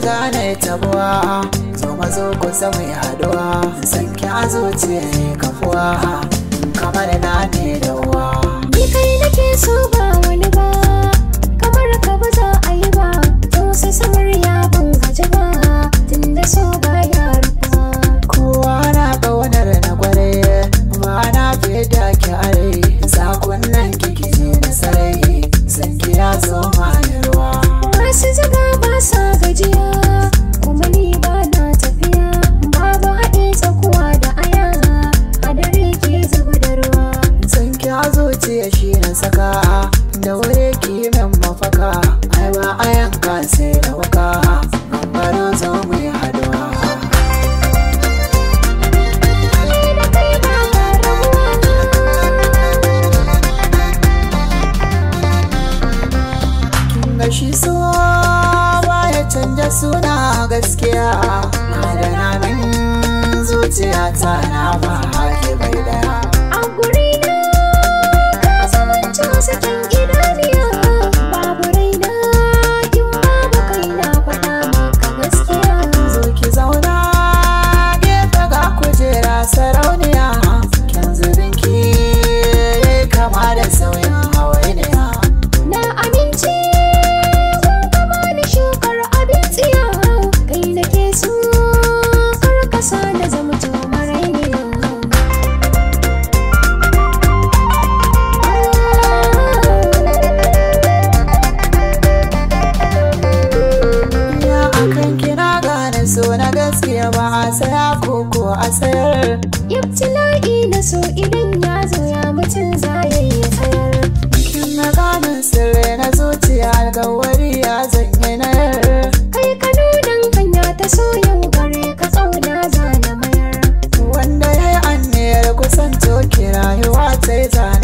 zane tabuwa zo mazo ku zama haduwa san ki zuciya kafuwa da wuri kimin mafaka ai ba a yanka sai da waka gambaro zo mu yi haduwa Gashi so baya canza suna gaskiya Madana min zuciya ta na ba haƙi bai daya gaskiya ba a saya koko a sayar la'i na so idan ya zo ya mutum za ya yi sayar kin na ganin sirri na zuciya alkawari ya zanye na kai ka nunan hanya ta so yau gare ka tsauna zana mayar wanda ya yi anniyar kusanto ki rayuwa ta yi zana